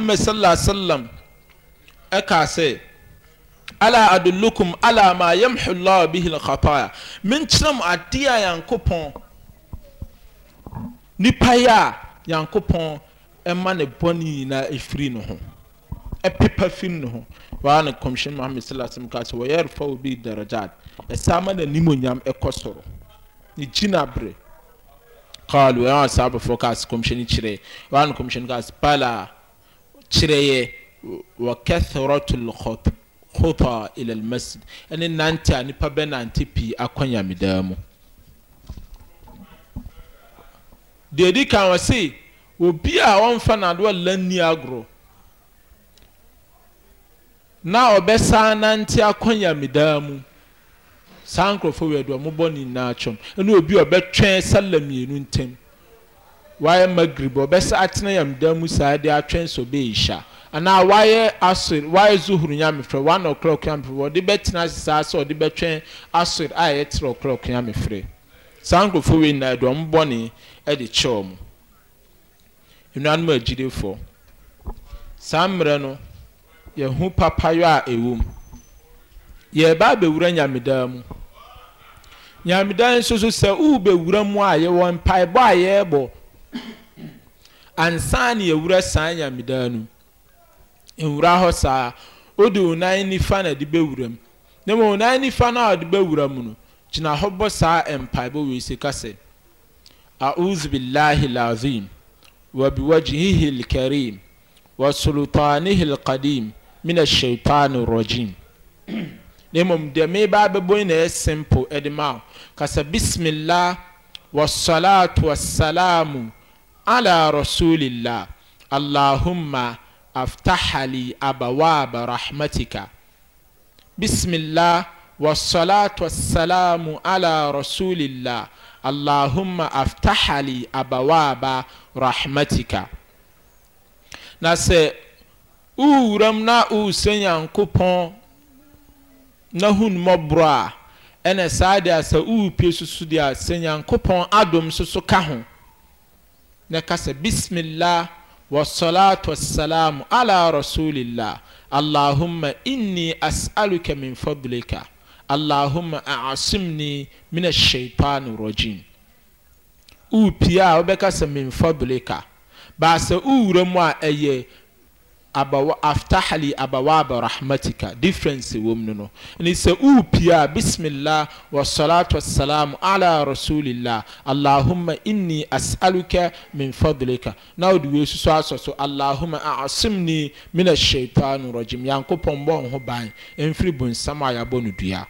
muhammad sallallahu alaihi wasallam ɛka sɛ ala adulukum ala ma yamhu allah bihi al-khataya menkyerɛ mu adeɛ a yankopɔn nipa yi a yankopɔn ɛma ne bɔne nyinaa ɛfiri ne ho ɛpepa firi ne ho waa ne kɔmhyɛn muhammed sallallahu alaihi wasallam ka sɛ wɔyɛ refaw bi darajat ɛsan ma n'anim onyam ɛkɔ soro ne gyina abere kaalu ɛwɔn asaabɔfoɔ kaa kɔmhyɛn kyerɛ waa ne kɔmhyɛn kaa sɛ kyerɛeɛ wɔ kɛthrotul khutɔ ila almasjid ɛne nante a nipa bɛ nante pii akɔ nyamedaa mu deɛ di kan wɔ se obi a wɔmfa n'adeɛ ɔlan agorɔ na ɔbɛsan nante akɔ nyamedaa mu saa nkurɔfoɔ wɔ aduɔ mobɔ ne nyinaa kyɛm ɛne obi a ɔbɛtwɛn sala mmienu ntam wayɛ magrib ɔbɛsa atena yam dan mu saa de atwɛn sɛ ɔbɛyɛhyia anaa wayɛ wayɛ zuhuru nyamefrɛ one o'clock bɛtena ase saa sɛ ɔde bɛtwɛn a ɛyɛ three o'clock nyamefrɛ saa nkurɔfoɔ wei nyinaa deɛ ɔmo bɔne ɛde kyɛ ɔmo nnuanom agyilefoɔ saa mmerɛ no yɛho papayɔ a ɛwɔ yɛreba abɛwura nyamedan mu nyamedan nso so sɛ mu a yɛwɔ mpaebɔ a yɛrebɔ ansa na yɛwura saa nyamedan no nwura hɔ saa wode wo nan nifa na de bɛwura mu na mmom wo nan nifa no a wode bɛwura mu no gyina hɔ bɔ saa mpaebɔ wei sika sɛ أعوذ بالله العظيم وبوجهه الكريم وسلطانه القديم من الشيطان الرجيم ne mmom deɛ meba bɛbɔ na ɛyɛ simple ɛde ma wo kasa bismillah wasalatu wasalamu على رسول الله اللهم افتح لي أبواب رحمتك بسم الله والصلاة والسلام على رسول الله اللهم افتح لي أبواب رحمتك na sɛ wowuram na wowsɛ nyankopɔn na hu nomɔborɔ a ɛna saa deɛ a sɛ wowpie susu deɛ a sɛ nyankopɔn adom so so ka ho na kasa bismillah wa salatu wassalamu ala rasulillah allahumma inni as'aluka min fadlika allahumma a'asimni min ash-shaytan rajim upia a wobɛkasa min fadlika baasa uwura mu a ɛyɛ abawa aftahali abawaaba rahmatika difference wɔ mu no ne sɛ uupia bismillah wa salatu wa salam ala rasulillah allahumma inni as'aluka min fadlika na o de wei soso asɔ so allahumma Asimni min ash-shaytan rajim yankopɔn bɔ ho ban mfiri bonsam a yabɔ no dua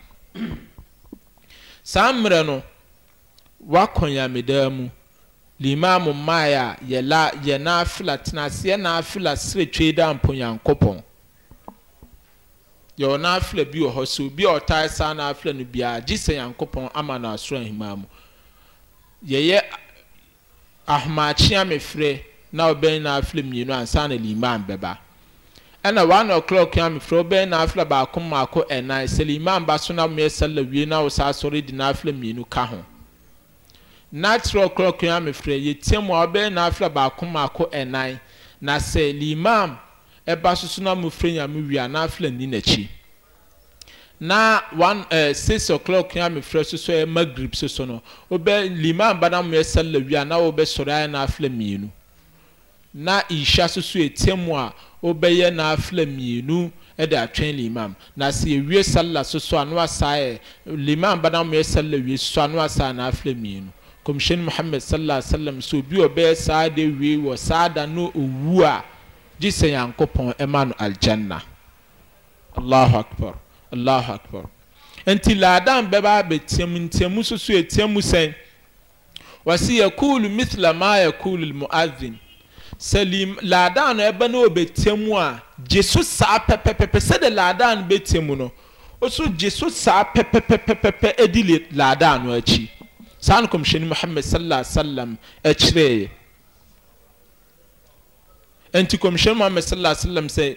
saa mmerɛ no wakɔ mu limaamu mmae a yɛla yɛ naafila tenaseɛ naafila seretwe da mponyankopɔn yɛwɔ naafila bi wɔ hɔ so obi a ɔtae saa naafila no biara gye sɛ nyankopɔn ama no asoro mu yɛyɛ ahomakyea mefrɛ na ɔbɛn naafila mmienu ansa na limaam bɛba ɛna one o'clock ya mefrɛ ɔbɛn naafila baako mmaako ɛnan sɛ limaam ba so na mo yɛ sɛlɛ wie na wɔ saa asɔre di naafila mmienu ka ho n'akyerɛ ɔkɔlɔkɔlɔ amefra yɛtia mu a ɔbɛyɛ n'afra baako mako ɛnan na sɛ limam ɛba soso na amefra nyame wia n'afra ni n'akyi na one ɛɛ uh, six o'clock amefra soso ɛyɛ magrib soso no ɔbɛ limam ba na mo yɛ sɛlɛ wia na ɔbɛsɔrɔ ayɛ n'afra mienu na ihyia soso etia mu a ɔbɛyɛ n'afra mmienu ɛde atwɛn limam na sɛ ewie sɛlɛ soso ano asa yɛ limam ba na mo yɛ sɛlɛ wie soso ano asa n'afra mmienu kɔmhyɛn muhammed sallallahu alaihi wa sallam sɛ obi a ɔbɛyɛ saa de wie wɔ saa da no owu a gye sɛ nyankopɔn ɛma no aljanna allahu akbar allahu akbar nti laadan bɛba abɛtiam ntiamu soso etiamu sɛn wɔsi yakulu mithla ma yakulu mu'adhin salim laadan no ɛbɛ no obetiamu a gye so saa pɛpɛpɛpɛ sɛde laadan no betiamu no oso gye so saa pɛpɛpɛpɛpɛ edi laadan no akyi. saa ni kɔmhyɛni muhammed sallallahu alaihi wa sallam akyerɛɛ nti kɔmhyɛni muhammed sallallahu alaihi wa sallam sɛ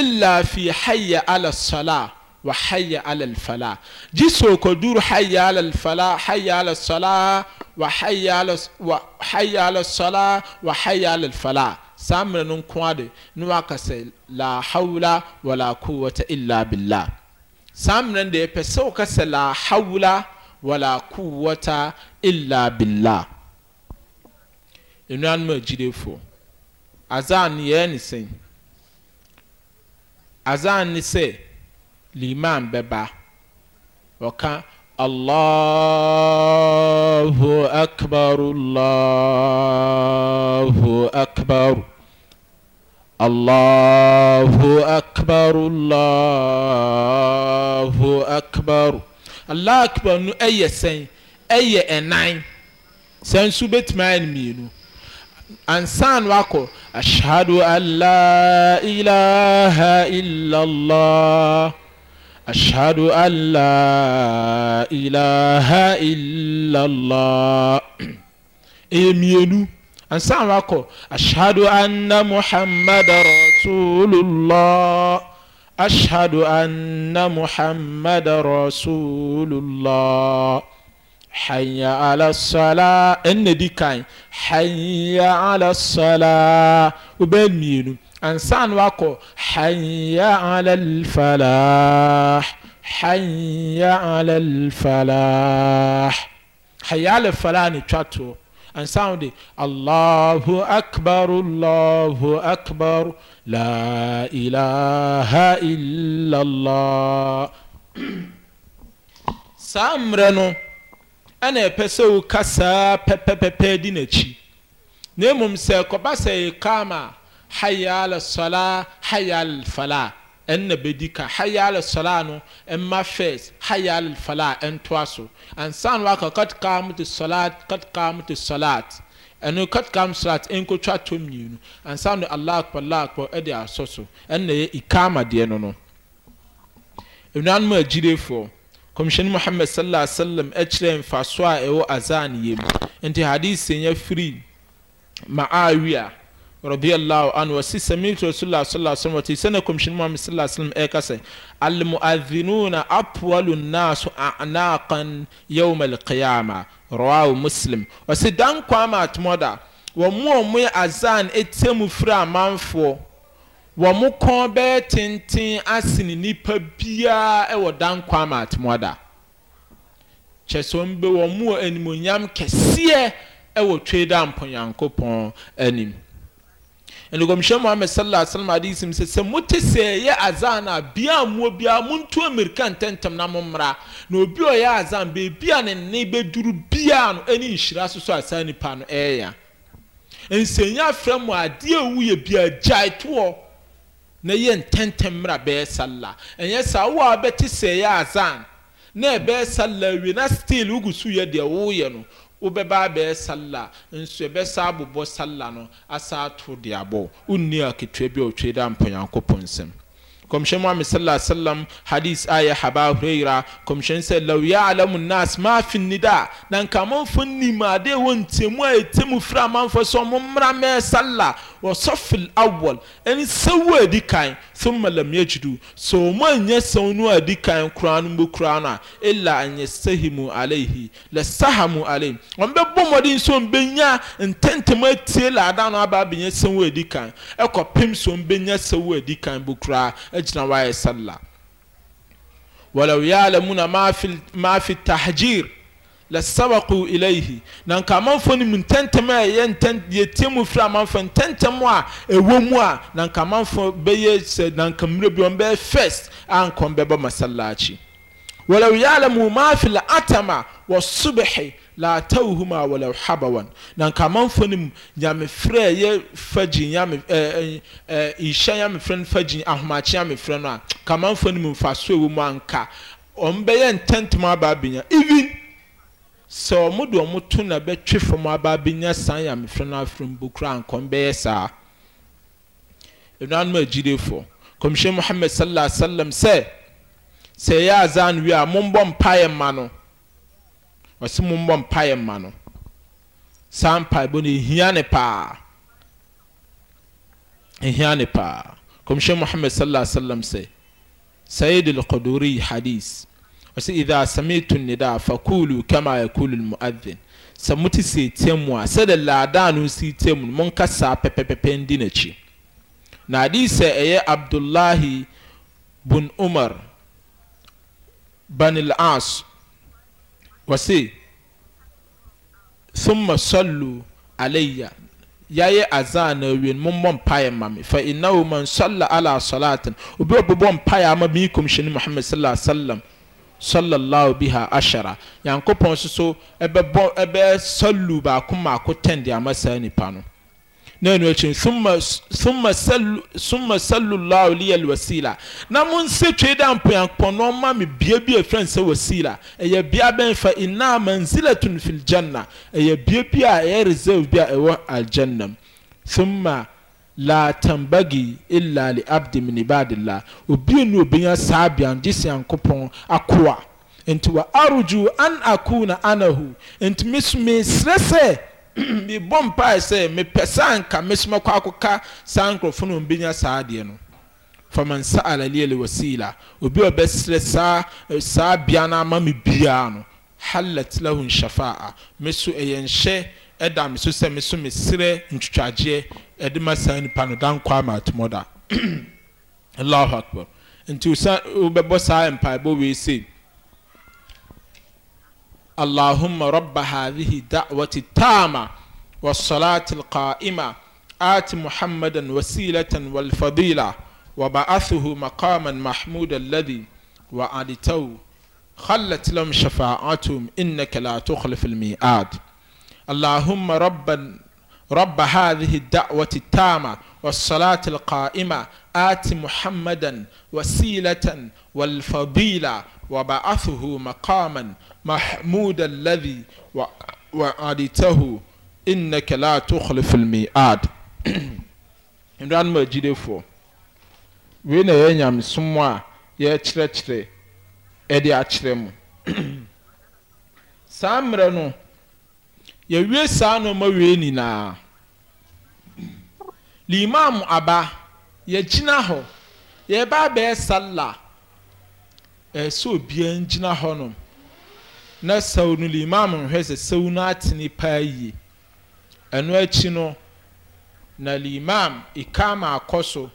illa fi hayya ala sala wa hayya ala alfala gye sɛ ɔkɔduru hayya ala alfala hayya ala sala wa hayya ala wa hayya ala sala wa hayya ala alfala saa mmerɛ no nko ade na waka sɛ la hawla wala quwwata illa billah saa mmerɛ no deɛ ɛpɛ sɛ woka sɛ la hawla wala quwwata illa billah nnuanom agyilefo azan yɛn ne sɛn azan ne sɛ liman bɛba ɔka allahu akbar allahu akbar allahu akbar allahu akbar allah akbar no ɛyɛ sɛn ɛyɛ ɛnan sɛn so bɛtumi ayɛ no mmienu ansan wakɔ ashadu ala ilaha illallah ashadu ala ilaha illallah ɛyɛ mmienu ansan wakɔ ashadu anna muhammad rasulullah. أشهد أن محمد رسول الله حي على الصلاة إن دي كان حي على الصلاة وبين أنسان واكو حي على الفلاح حي على الفلاح حي على الفلاح نتشاتو أنسان دي الله أكبر الله أكبر لا إله إلا الله saa mmerɛ no ɛna ɛpɛ sɛ woka saa pɛpɛpɛpɛ di n'akyi na mmom sɛ kɔba sɛ ikama haya ala sala haya ala fala ɛn na bɛdi ka haya ala sala no ɛma fɛs haya fala ɛntoa so ansa waka kat kaamtu salat kat kaamtu salat ɛno katkam srat nkɔtwa tɔ mmienu ansa no allah akpa allah akpa ɛde asɔ so ɛna ɛyɛ ikama deɛ no no nnuanom agyirefoɔ kɔmhyɛni muhammad sallallahu alaihi wasallam ɛkyerɛ mfasoɔ a ɛwɔ azan yɛ mu nti hadisi nyɛ firi ma'awia radiyallahu anhu wasi sami'tu rasulullah sallallahu alaihi wasallam wati sana kumshin muhammad sallallahu alaihi wasallam eka sai al mu'adhdhinuna atwalu nas a'naqan yawm al qiyamah rawahu muslim wasi dan kwama atmoda wɔn mu a azan etia mu firi amanfoɔ wɔn kɔn bɛyɛ tenten asene nipa biara e ɛwɔ dan kwan mu atemoada kyɛsɛn mu animonyam kɛseɛ ɛwɔ e twe da mpɔnyanko anim nkɔmhyɛ muhammed sallallahu alaihi wa sallam adi sim sɛ sɛ mote sɛ ɛyɛ azan a bia amuo bia montu mmirika ntɛntɛm na mommra na obi a ɔyɛ azan beebi a ne nne bɛduru bia no ɛne nhyira soso asan nipa no ɛɛya eh, nsenya afrɛ mu adeɛ ewu yɛ bia gyae toɔ na yɛ ntɛntɛm mmra bɛyɛ salla ɛnyɛ saa wo a bɛte sɛ ɛyɛ azan na ɛbɛyɛ e salla wie na still wogu so yɛ deɛ woyɛ no wobɛba abɛɛ salla nso ɛbɛsa abobɔ salla no asa ato de abɔ wonni aketewa bi a ɔtwe da mpanyankopɔn nsɛm kɔmhyɛn muhammed sallallahu alaihi wasallam hadis a yɛ haba huraira kɔmhyɛn sɛ law ya'lamu nas ma fi nida na nka amanfo nim ade wɔ ntɛmu a ɛtɛmu fira amanfo sɛ ɔmo mmra mɛɛ salla wɔsɔfil awɔl ɛne sɛwo a adi kan thumma lam yajidu so ɔmo anyɛ sɛw no a adi kan koraa no mu koraa no a illa an yastahimu alayhi lasahamu alayhi wɔn bɛbɔ mmɔden so mbɛnya ntɛntɛm atie laada no aba abɛnyɛ sɛwo a adi kan ɛkɔpem so mbɛnya sɛwo a adi kan bo koraa e gyina hɔ ayɛ salla walaw ya'lamuna ma fi tahjir lasabaku ilaihi na nka amanfo no mu ntɛntɛm a ɛyɛ ntɛn yɛtie mu firi amanfo ntɛntɛm a ɛwɔ mu a na nka amanfo bɛyɛ sɛ na nka mmerɛ bi wɔn bɛyɛ first a nkɔn bɛbɔ masalakyi walaw ya'lamu ma fi la atama wɔ subihi la atawuhum a wɔlɛ habawan na nka amanfo no mu nyamefrɛ yɛ fagyin nyame ɛɛ ɛɛ nhyɛn nyamefrɛ no fagyin ahomakye nyamefrɛ no a nka amanfo no mu mfaso ewu mu anka wɔn bɛyɛ ntɛntɛm aba abenya even sɛ wɔn de wɔn to na bɛtwe fam aba abenya saa nyamefrɛ no afrɛ mu bokura anka bɛyɛ saa nnuanum agyilefo kɔmhyɛn muhammed sallallahu alaihi wa sallam sɛ sɛ ɛyɛ azan wi a mombɔ mpaeɛ ma no. ɔs mombɔ mpaɛ ma no saa mpa bone ɛhia ne paa ɛhia ne paa kɔmhyɛ mohamad sal ala salam sɛ said lkodorie hadis ɔ sɛ iha samiitu nnida fakulu kama yakulu lmuazin sɛ mote sɛetam mu a sɛ dɛ ladaa no si tɛ mu no monka saa pɛpɛpɛpɛ n dinakyi na adi sɛ ɛyɛ abdulahi bun omar banelas wɔse summa sallu alayya yɛayɛ azan na awie no mommɔ mpaeɛ ma me fa innahu man salla ala salatin obi ɔbɛbɔ mpaeɛ ama me kɔmhyɛni muhammad sallallahu alaihi wasallam sallallahu biha ashara yankopɔn nso so ɛbɛbɔ ɛbɛ sallu baako mmaako ten de ama saa nipa na ɛnu akyi summa sallallahu liyal wasila na mo nse twe da mpɔnpɔnɔ ma mi bie bi efra nse wasila ɛyɛ bia bɛn fa ina manzilatun fil janna ɛyɛ bie bi a ɛyɛ reserve bi a ɛwɔ aljanna mu summa la tambagi illa li abdi obi nu obinya saa bian gye se yankopɔn akoa nti wa aruju an akuna anahu nti mesrɛ sɛ mebɔ mpae sɛ mepɛ saa nka mesoma kɔ akɔka saa nkurɔfo no ɔmbɛnya saa adeɛ no faman sa'ala li alwasila obi a ɔbɛsrɛ saa eh, saa bea no ama me biara no halat lahu shafa'a me so ɛyɛ nhyɛ ɛda me so sɛ me so mesrɛ ntwitwagyeɛ ɛde ma saa nipa no dankɔ ama atomɔda allahu akbar nti wobɛbɔ saa mpaebɔ wei sei اللهم رب هذه الدعوة التامة والصلاة القائمة آت محمدا وسيلة والفضيلة وبعثه مقاما محمودا الذي وعدته خلت لهم شفاعتهم إنك لا تخلف الميعاد اللهم ربا رب هذه الدعوة التامة والصلاة القائمة آت محمدا وسيلة والفضيلة وبعثه مقاما محمودا الذي وعدته إنك لا تخلف الميعاد nnuane mu agyidefoɔ wei na ɛyɛ nyamesom a yɛkyerɛkyerɛ ɛde akyerɛ yɛwie saa nneɛma wie nyinaa limam aba yɛgyina hɔ yɛba abɛɛ sala ɛsɛ obiara gyina hɔnom na saw no limam nhwɛ sɛ saw no atene paa yie ɛno akyi no na limam ikaama akɔ so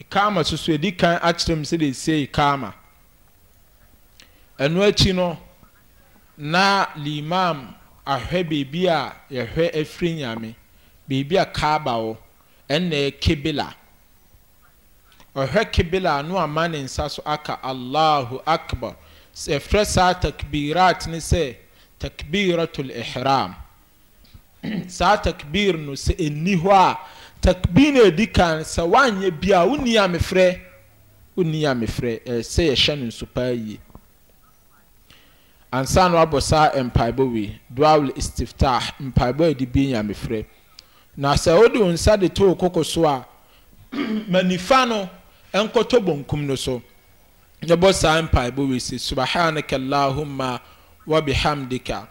ikama soso edi kan akyerɛ mu sɛ esie ikama ɛno akyi no na limam ahwɛ beebi a yɛhwɛ afiri nyame beebi a kaaba wɔ ɛnna yɛ kebila ɔhwɛ kebila no ama ne nsa so aka allahu akbar yɛfrɛ saa takbirat ne sɛ takbiratul ihram saa takbir no sɛ ɛnni hɔ a takbir no ɛdi kan sɛ woanyɛ bi a wonni a wonni a ɛsɛ yɛhyɛ no nso paa yie ansa no abɔ saa mpaebɔ wei dual istiftah mpaebɔ a yɛde bi nyamefrɛ na sɛ wode wo nsa de too koko so a ma nifa no ɛnkɔtɔ bonkum no so yɛbɔ saa mpaebɔ wei sɛ subhanaka allahumma wa bihamdika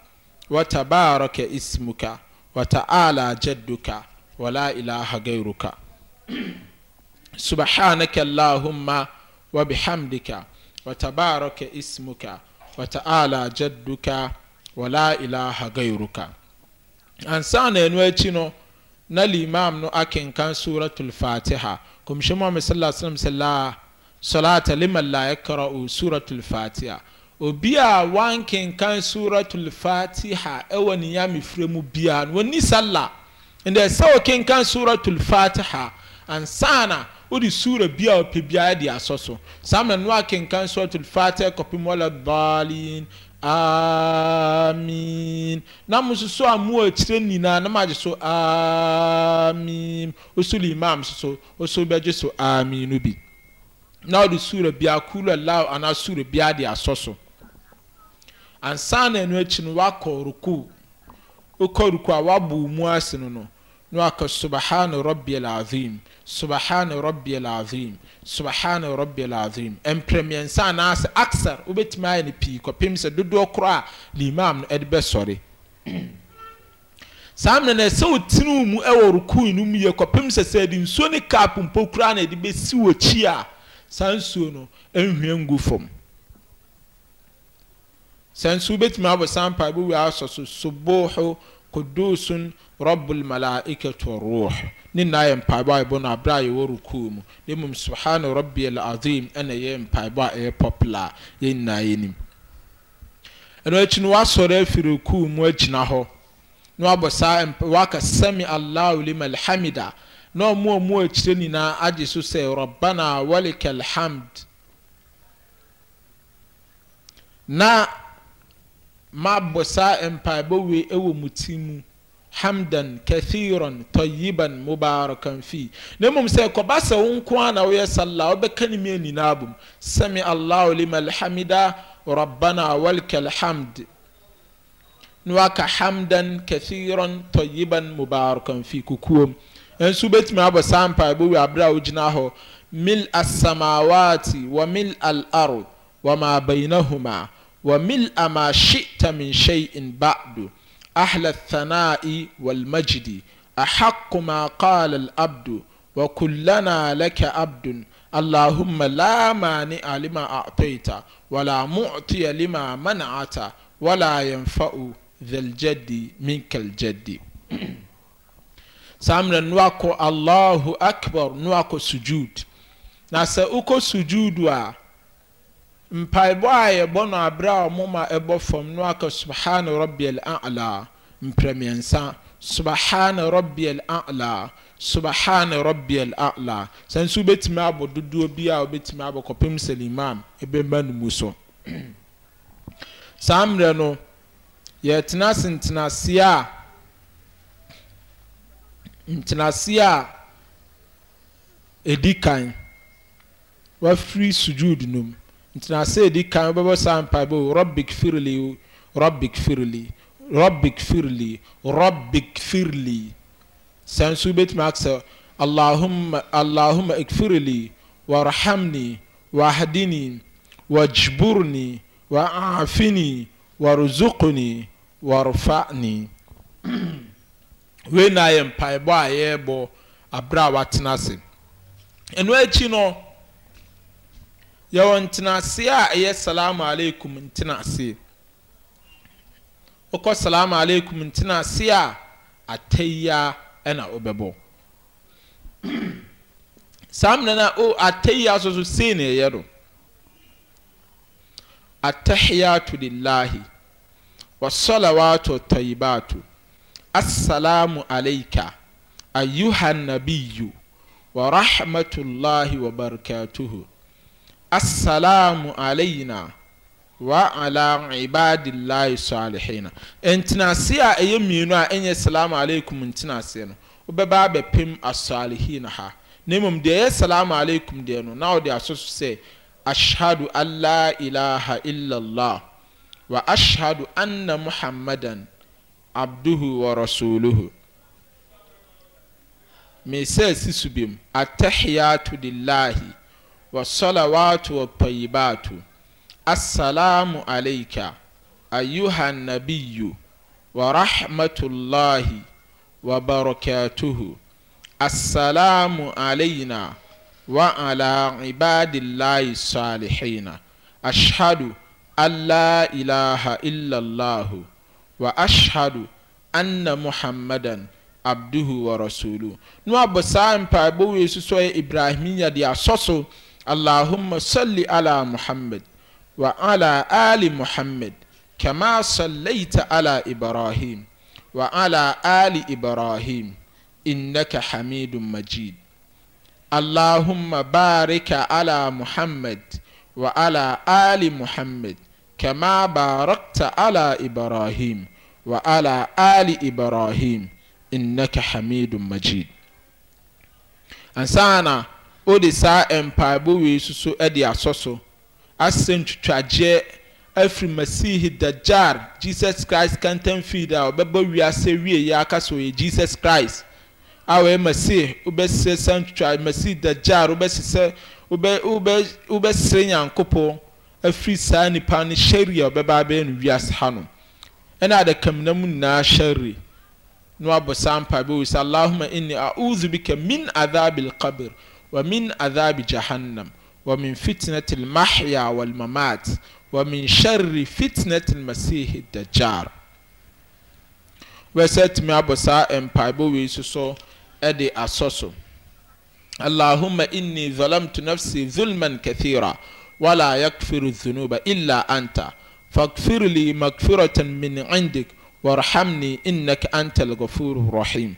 wa tabaraka ismuka wa ta'ala jadduka wa la ilaha gairuka subhanaka allahumma wa bihamdika wa tabaraka ismuka وتعالى جدك ولا إله غيرك أنسان ينويتشنو نالي إمام نو أكين كان سورة الفاتحة كم شمو صلى الله عليه وسلم صلاة لمن لا يقرأ سورة الفاتحة وبيا وان كان كان سورة الفاتحة أو نيامي فريمو بيا وني صلى إن سوى كان سورة الفاتحة أنسانا wode sura bi a ɔpɛ biara de asɔ so saa mmerɛ no woakenkan suratul fatiha kɔpem wala dalin amin na mo soso a mo akyire nyinaa na magye so amin osu imam soso osu bɛgye so amin no bi na wode sura bia kulu allahu anaa sura bia de asɔ so ansa na ɛno akyi no woakɔ ruku wokɔ ruku a woabɔ mu ase no no na waka subahana rabbi alazim subahana rabbi alazim subahana rabbi alazim mprɛmiɛnsa anaasɛ aksar wobɛtumi ayɛ no pii kɔpem sɛ dodoɔ korɔ a limam no ɛde bɛsɔre saa mmerɛ no ɛsɛ wotini mu ɛwɔ rukui no mu yɛ kɔpem sɛ sɛ ɛde nsuo ne kap mpo koraa na ɛde bɛsi wɔ kyi a saa nsuo no ɛnhwɛ ngu fam sɛ nsuo wobɛtumi abɔ sampa bi asɔ so soboho kudusun rabbul malaikatu ruh ne nyinaa yɛ mpaebɔ a ɛbɔ no aberɛ a yɛwɔ rukuu mu e na mmom subhana rabbi alazim ɛna ɛyɛ mpaebɔ a ɛyɛ pɔpla yɛn nyinaa yɛnim ɛno akyi e no wasɔre afiri rukuu mu agyina e hɔ na wabɔ saa waka sami allahu liman hamida na ɔmo a ɔmo akyire nyinaa agye so sɛ rabbana walika alhamd na mabɔ saa mpaebɔwie wɔ mo ti mu hamdan kathiran tɔyiban mubarakan fi na mmom sɛ kɔba sɛ wo nko a na woyɛ salla wobɛka ne mia nyinaa bom sami allahu liman hamida rabbana walka alhamd na waka hamdan kathiran tɔyiban mubarakan fi kukuom nso wobɛtumi abɔ saa mpaebɔwie aberɛ a wogyina hɔ mil asamawati wa mil al ard wa ma bainahuma وملء ما شئت من شيء بعد أهل الثناء والمجد أحق ما قال الأبد وكلنا لك أبد اللهم لا مانع لما أعطيت ولا معطي لما منعت ولا ينفع ذا الجد منك الجد سامنا نواكو الله أكبر نواكو سجود ناسا أكو سجود sujud mpaebɔ a yɛbɔ no aberɛ a ɔmo ma ɛbɔ fam no aka subhana rabbial a'la mprɛmiɛnsa subhana rabbial a'la subhana rabbial a'la sɛ nso wobɛtumi abɔ dodoɔ bi a wobɛtumi abɔ kɔpem sɛ limam ɛbɛma no mu so saa mmerɛ no yɛtena ase ntenaseɛ a ntenaseɛ a ɛdi kan wafiri sujud no mu nti na ase edi kan bɛbɔ saa mpaebɔ o rɔbik firili rɔbik firili rɔbik firili rɔbik firili sɛn so betumi aksa allahumma allahumma ikfirili warhamni wahdini wajburni wa'afini warzuqni warfa'ni wei na yɛ mpaebɔ a yɛrebɔ abere a watena ase ɛno akyi no. yɛwɔ ntenase a ɛyɛ salamu alaikum ntenase wokɔ salamu alaikum ntenase a atayya ɛna wobɛbɔ saa mmerɛ no a o atayya so so sei na ɛyɛ do atahiyatu lillahi wasalawatu tayibatu assalamu alaika ayyuha nabiyu wa rahmatullahi wa barakatuhu assalamu alayna wa ala ibadillahi salihina ntenase a ɛyɛ mmienu a ɛnyɛ salamu alaykum ntenase no wobɛba abɛpem asalihina ha na mmom deɛ ɛyɛ salamu alaykum deɛ no na wɔde asoso sɛ ashhadu an la ilaha illallah wa ashhadu anna muhammadan abduhu wa rasuluhu mesɛ si so bim atahiyatu lillahi والصلوات والطيبات السلام عليك أيها النبي ورحمة الله وبركاته السلام علينا وعلى عباد الله الصالحين أشهد أن لا إله إلا الله وأشهد أن محمدا عبده ورسوله نوابو سان بايبو يسوع إبراهيم يدي أصوصو اللهم صل على محمد وعلى آل محمد كما صليت على إبراهيم وعلى آل إبراهيم إنك حميد مجيد اللهم بارك على محمد وعلى آل محمد كما باركت على إبراهيم وعلى آل إبراهيم إنك حميد مجيد أنسانا wɔde saa mpaebɔ wei soso de asɔ so asɛ ntwitwagyeɛ afiri masihi dajjar jesus christ kɛntɛn fiid a ɔbɛbɔ wiase wie yɛ aka so yɛ jesus christ a wɔyɛ masih wobɛsrɛ sa ntwitwa masih dajjar wobɛsesɛ wobɛsrɛ nyankopɔn afiri saa nipa no hyɛri a ɔbɛba abɛyɛ no wiase ha no ɛna adakamina mu nyinaa hyɛri na wabɔ saa mpaebɔ wei sɛ allahuma inni a'udhu bika min adhabil qabr ومن عذاب جهنم ومن فتنة المحيا والممات ومن شر فتنة المسيح الدجار وسات ما بسا ام بايبو ادي اسوسو اللهم اني ظلمت نفسي ظلما كثيرا ولا يغفر الذنوب الا انت فاغفر لي مغفرة من عندك وارحمني انك انت الغفور الرحيم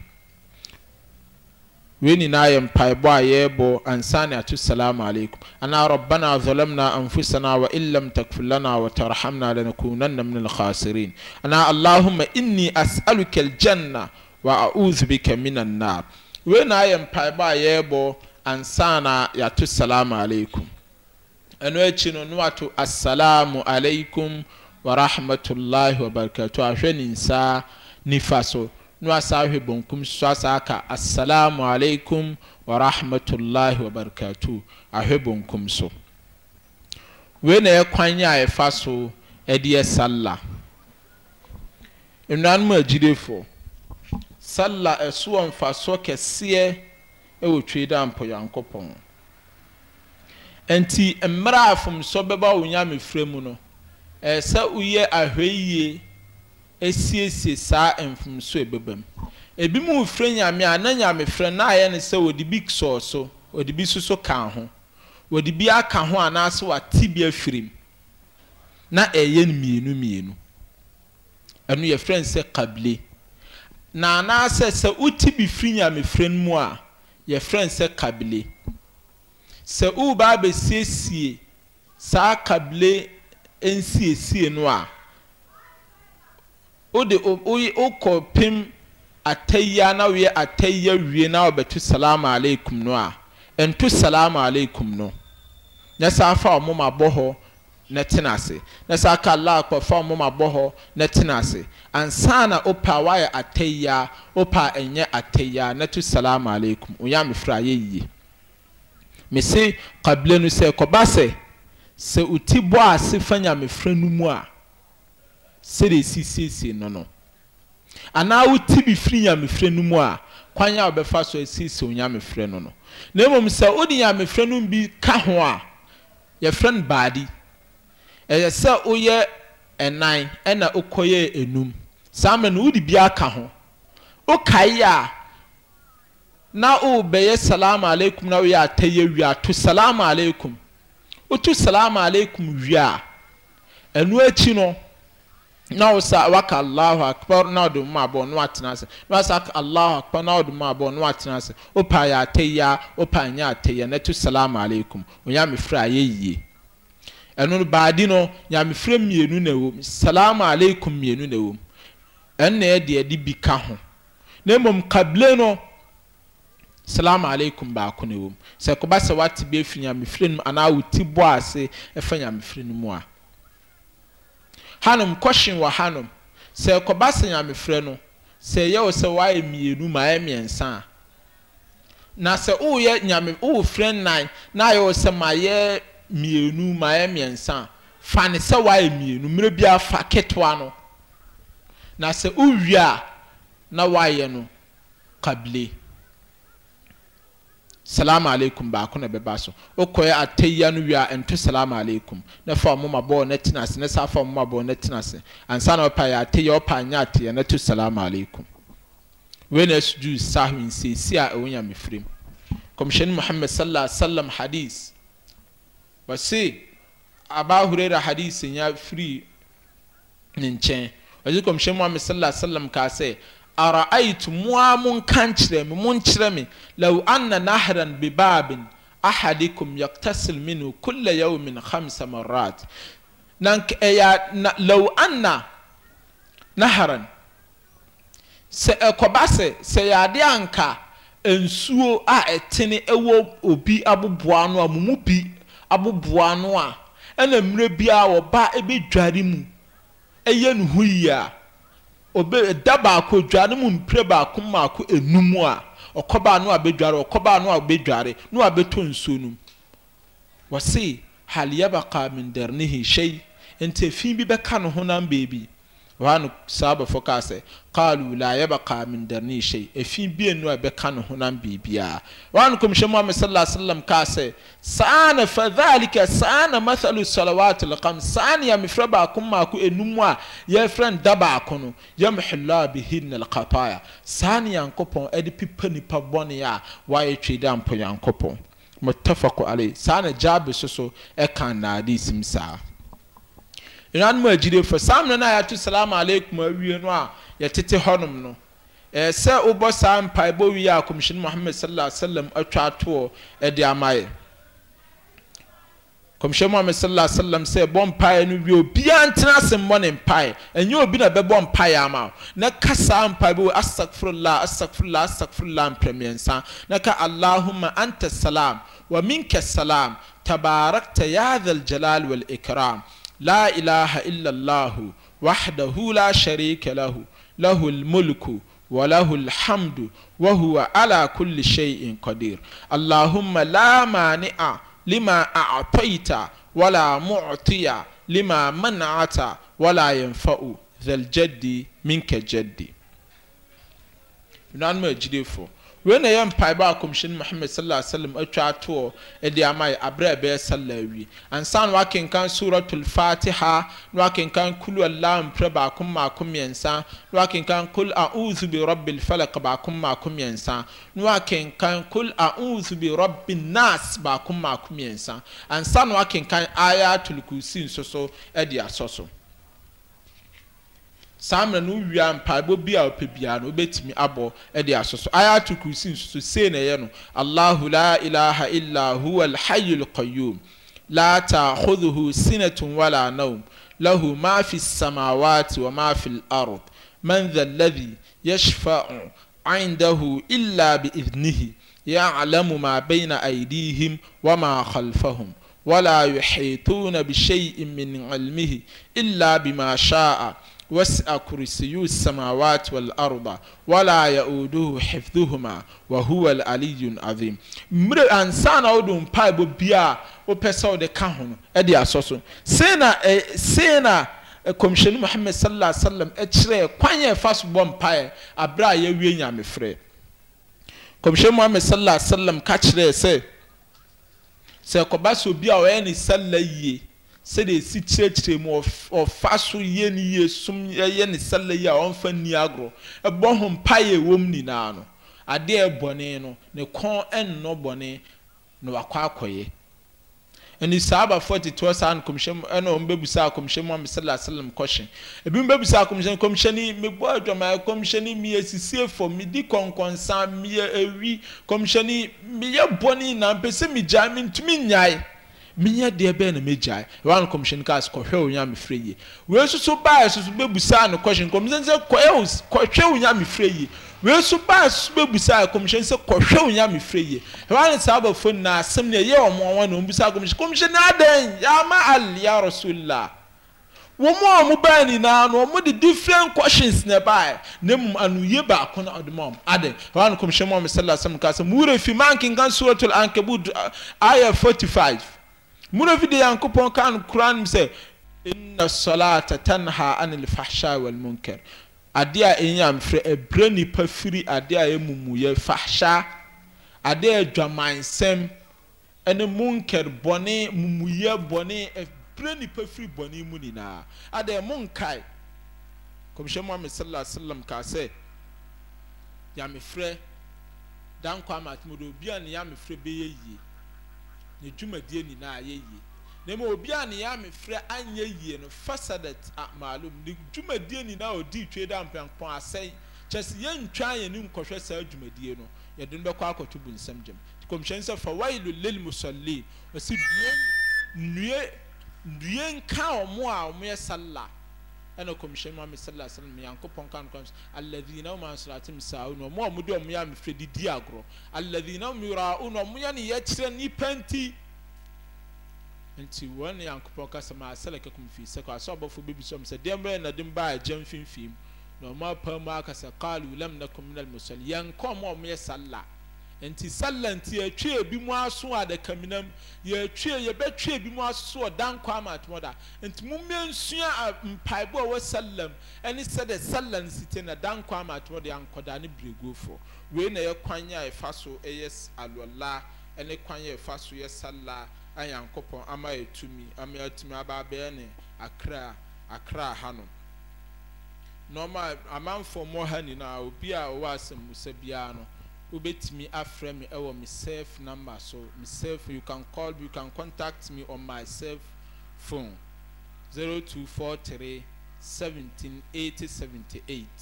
wei nyinaa yɛ mpaebɔ a yɛrebɔ ansa ne ato salamu alaikum anaa rabbana zalamna anfusana wa in lam takfir lana wa tarhamna lanakunanna min alkhasirin anaa allahumma inni as'aluka aljanna wa a'udhu bika min annar wei na yɛ mpaebɔ a yɛrebɔ ansa na yɛato salamu alaikum ɛno akyi no no wato assalamu alaikum wa rahmatullahi wa barakatuh ahwɛ ne nsa nifa so na wasan ahwɛ benkum so asan aka asalaamu alaikum wa rahmatulahi wa barakatu ahwɛ benkum so wei na yɛ kwan a yɛfa so ɛde yɛ sallah nnuanom agyidefoɔ sallah ɛso wɔ mfasoɔ kɛseɛ ɛwɔ twe da mpɔyankopɔn nti mmerɛ a afomsɔ bɛba wo nyame frɛ mu no ɛsɛ woyɛ ahwɛ yie esiesie saa mfomso ebeba ebi mu fira nyame a na nyame fira na ayɛ ne sɛ wɔde bi sɔɔ so wɔde bi soso ka ho wɔde bi aka ho anaasɛ wɔate bi afiri mu na ɛyɛ no mmienu mmienu ɛno yɛ fira sɛ kabile na anaasɛ sɛ wote bi firi nyame fira no mu a yɛ fira sɛ kabile sɛ woba abɛsiesie saa kabile nsiesie no a wode wokɔ pem atayia na woyɛ atayia wie na wɔbɛto salamu aleikum no a ɛnto salamu aleikum no na saa fa wɔn ma bɔ hɔ na tena ase na saa ka laakpɔ fa wɔn ma bɔ hɔ na tena ase ansa na opa wayɛ atayia opa ɛnyɛ atayia na to salamu aleikum onyaa mefra yɛ yie mesi kabila no sɛ kɔba sɛ sɛ oti bɔ ase fa nyamefra no mu a. sɛdeɛ siesie no no anaa wote bi firi nyamefrɛ no mu a kwan a wɔbɛfa so asiesie onyamefrɛ no no na mmom sɛ wode nyamefrɛ no bi ka ho a yɛfrɛ no baadi ɛyɛ sɛ woyɛ ɛnan ɛna wokɔyɛ enum saa mmerɛ no wode biara ka ho wokae a na wobɛyɛ salamu alaikum na woyɛ atɛyɛ wie a to salamu alaikum woto salamu alaikum wie a ɛno akyi no na wosa waka allahu akbar na ɔde mu abɔ no atena ase na wasa allahu akbar na ɔde mu abɔ no atena ase wopa yɛ atɛyia wopa nyɛ atɛyia na to salamu alaikum onyamefra ayɛ yie ɛno no baadi no nyamefra mmienu na ɛwɔ mu salamu alaikum mmienu na ɛwɔ mu ɛno na ɛde bi ka ho na mmom kabile no salamu alaikum baako na ɛwɔ mu sɛ kɔba sɛ wate bi efiri nyamefra no mu anaa wote bɔ ase ɛfa nyamefra no mu a hanom kɔhyen wɔ hanom sɛ kɔba sɛ nyamefrɛ no sɛ ɛyɛ wo sɛ woayɛ mmienu ma ayɛ mmiɛnsa a na sɛ woyɛ nyame wofrɛ nnan na ayɛ wo sɛ ma ayɛ mmienu ma ayɛ mmiɛnsa a fa ne sɛ woayɛ mmienu mmerɛ biara fa ketewa no na sɛ wowie na woayɛ no kablee salamu alaikum baako na ɛbɛba so wokɔɛ atayia no wie a ɛnto salamu alaikum ne fa ɔmoma bɔɔ na tena ase ne sa fa ɔmoma bɔɔ na tena ase ansa na ɔpa yɛ atayia ɔpa nyɛ atayia na to salamu alaikum wei na asujuu sahwi nseesi a ɛwɔ nyame firim kɔmhyɛni muhammad sallallahu alaihi wasallam hadis wɔse aba hurera hadis nya firi ne nkyɛn wɔse kɔmhyɛni muhammad sallallahu alaihi wasallam kaa sɛ araaitu mua monka nkyerɛ me monkyerɛ me law anna nahran bibabin ahadikum yaktasil minhu kulla yawmin khamsa marat na ɛyɛ na law anna nahran sɛ ɛkɔba eh, sɛ sɛ yɛade anka nsuo a ɛtene ɛwɔ obi aboboa ano a mo mu bi aboboa ano a ɛna mmerɛ biara wɔba ɛbɛdware mu ɛyɛ ne ho yie a obe da baako dware mu mpire baako mmaako enum a ɔkɔbaa no a bedware ɔkɔbaa no a bedware no a beto nsuo no mu wɔsi haliyabaka mindɛrnihi hyɛyi nti efi bi bɛka ne ho nam beebi wɔhano saa abɔfo kaa sɛ kaalu la yɛbɛka min darni hyɛi ɛfi bienu a ɛbɛka ne honam biribiaa wɔhano kɔmhyɛ muhammad sallallahu alaihi wasallam kaa sɛ saa na fa dhalika saa na mathalu salawat alkham saa ne yɛmefrɛ baako mmaako enum a yɛfrɛ no da baako no yɛmhela bihin alkhataya saa ne yankopɔn ɛde pipa nipa bɔne a wayɛ twei dɛ ampɔ yankopɔn mutafako alei saa na jabir so so ɛka naade sim saa nnuanom agyilefo saa mmerɛ no a yɛato salamu aleikum awie no a yɛtete hɔnom no ɛɛ sɛ wobɔ saa mpaebɔ wie a kɔmhyɛn muhammed sallallahu alaihi sallam atwa atoɔ ɛde ama yɛ kɔmhyɛn muhammed sallallahu alaihi sallam sɛ bɔ mpae no wie obiara ntena se mbɔ ne mpae ɛnyɛ obi na bɛbɔ mpae ama na ka saa mpa bi wɔ asakfurula asakfurula asakfurula mpɛmiɛnsa na ka allahumma ante salam wa minke salam tabarakta yaadal jalal wal ikram. لا إله إلا الله وحده لا شريك له له الملك وله الحمد وهو على كل شيء قدير اللهم لا مانع لما أعطيت ولا معطي لما منعت ولا ينفع ذا الجد منك جدي نعم جديد فو wei na ɛyɛ mpaebɔ a kɔmhyɛni muhammad sallallahu alaihi wasallam atwa atoɔ ɛde ama yɛ abrɛ a ɛbɛyɛ sallah awie ansa na wakenkan suratul fatiha na wakenkan kulu allah mprɛ baako mmaako mmiɛnsa na wakenkan kul a'udhu bi rabbil falaq baako mmaako mmiɛnsa na wakenkan kul a'udhu bi rabbin nas baako mmaako mmiɛnsa ansa na wakenkan ayatul kursi nso so ɛde asɔ so saa mmerɛ no wia mpaebɔ bi a ɔpɛ biara no wobɛtumi abɔ de asɔ so ayato kursi nso sei na ɛyɛ no allahu la ilaha illa huwa alhayu alqayum la ta'khudhuhu sinatun wala nawm lahu ma fi samawati wa ma fi al man dha alladhi yashfa'u 'indahu illa bi idnihi يعلم ما بين أيديهم وما خلفهم ولا يحيطون بشيء من علمه إلا بما شاء وسع كرسي السماوات والأرض ولا يؤوده حفظهما وهو العلي العظيم mmerɛ ansa na wode mpaebɔ bia wopɛ sɛ wode ka ho no de asɔ so sei na sei na kɔmhyɛni muhammad sallallahu alaihi wasallam kyerɛɛ kwan yɛ ɛfa so bɔ mpaeɛ aberɛ a yɛawie nyamefrɛ kɔmhyɛni muhammad sallallahu alaihi wasallam ka kyerɛɛ sɛ sɛ ɛkɔba sɛ obi a ɔyɛ ne salla yie sɛdeɛ si kyerɛkyerɛ mu ɔfa so yie ne yie som ɛyɛ ne sɛlɛ yi a ɔmfa nni agorɔ ɛbɔ ho mpaeɛ ɛwɔ nyinaa no adeɛ bɔne no ne kɔn ɛnnɔ bɔne na wakɔ akɔyɛ ɛni saabafoɔ tete saa no kɔmhyɛm ɛna wɔn bɛbusa kɔmhyɛm wɔn sɛlɛ asɛlɛm kɔhyɛn ebi mo bɛbusa kɔmhyɛn kɔmhyɛni mi bɔ adwamayɛ kɔmhyɛni mi yɛ sisie fɔ mi di kɔnkɔnsa mi yɛ ewi kɔmhyɛni mi yɛ bɔne na mpɛsɛ mi gya mi ntumi nyae menya deɛ bɛn na megyae ɛwɔ commission cars kɔhwɛ wo nyame frɛ yie wei nso so baa so so bɛbusaa no question commission sɛ kɔhwɛ wo nyame frɛ yie wei nso baa so so bɛbusaa commission sɛ kɔhwɛ wo nyame frɛ yie ɛwɔ no saa abafo na asɛm ne ɛyɛ wɔn wɔn na wɔn busaa commission commission na adɛn yama aliya rasulillah wɔn a wɔn baa nyinaa no wɔn de different questions na baa na mu anoyie baako na ɔde ma wɔn ade wɔn ano kɔmhyɛn mu wɔn sɛ lasɛm kaasa mu wura fi mankin kan suratul ankebut ayɛ forty five munafi de yankopɔn ka no koraa nom sɛ inna salata tanha ane fahsha wal munkar ade a ɛnya mfrɛ ɛbrɛ nipa firi ade a ɛmumuyɛ fahsha ade a adwamansɛm ɛne munkar bɔne mumuyɛ bɔne ɛbrɛ nipa firi bɔne mu nyinaa ade monkae kɔmhyɛ muhammed sallallahu alaihi wasallam ka sɛ yamefrɛ dankwa matumudo obi a ne yamefrɛ bɛyɛ yie ne dwumadie nyinaa yɛ yie na mu obi a ne yɛ amefrɛ anyɛ yie no fasadat amalum ah, ne dwumadie nyinaa odi twe da mpɛnkɔn asɛn kyɛse yɛntwa yɛn ne nkɔhwɛ saa dwumadie no yɛde no bɛkɔ akɔto bu nsɛm gyam kɔmhyɛn sɛ fawailu lil musallin ɔsi due nnue nnue nka wɔn a wɔyɛ salla ɛna kɔmhyɛn mu sallallahu alaihi wasallam yankopɔn kan na alladhina hum an salatihim sahun mo a mo de mo yɛ amefrɛ didi agorɔ alladhina hum yuraun mo yɛ ne yɛkyerɛ nipa nti nti wɔn ne yankopɔn kasa ma asalakakum fi sakɔ asɔ abɔfo bi bi sɔm sɛ deɛ mbɛyɛ na de mbaa agya mfimfim na ɔmo apam mu akasa qalu lam nakum minal musallin yɛnkɔn mo a mo yɛ sallah nti silent yɛtwe ebi mu aso adakaminam yɛtwe yɛbɛtwe ebi mu aso ɔdan kwan ma da nti mu mmensua mpaebɔ a ɛwɔ silent ɛne sɛdeɛ silent si te na dan kwan ma atomɔda yɛ nkɔdaa ne biregufoɔ wei na yɛ kwan a yɛfa so ɛyɛ alɔla ɛne kwan a yɛfa so yɛ sala anyankopɔn ama yɛtumi ama yɛtumi aba abɛɛ ne akra akra hanom nɔɔma amanfoɔ mɔha nyinaa obi a ɔwɔ asɛmmusa biara no wobɛtumi afrɛ me ɛwɔ me self number so me self you can call you can contact me on my self phone 0243 17878. four three seventeen eighty seventy eight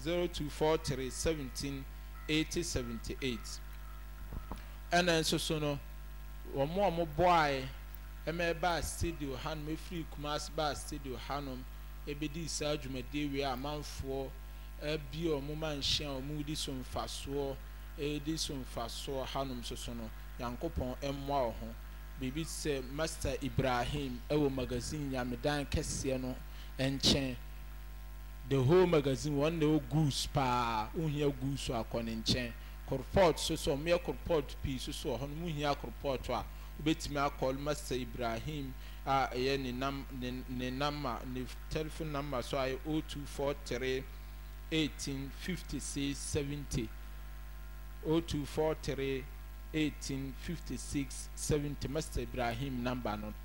zero two four three seventeen eighty seventy eight ɛna nso so no wɔn a wɔboaeɛ ɛmɛ baa studio hanom efiri kumasi baa studio hanom ebedi saa dwumadie wie a amanfoɔ ebi ɔmo ma nhyɛn ɔmo di so mfasoɔ edi so mfasoɔ e hanom soso no yankopɔn ɛmoa ɔho biribi sɛ master ibrahim ɛwɔ magazine nyamedan kɛseɛ no nkyɛn the whole magazine wɔn na ɛwɔ goose paa ohia goose akɔ ne nkyɛn koropɔt soso ɔmo yɛ koropɔt pii soso ɔho no ohia koropɔt a obetumi akɔ master ibrahim a ɛyɛ ne nam ne ne nama ne telephone number so ayɛ o oh two four three eighteen fifty six seventy o oh two four three eighteen fifty six seventy Mr Ibrahim number. no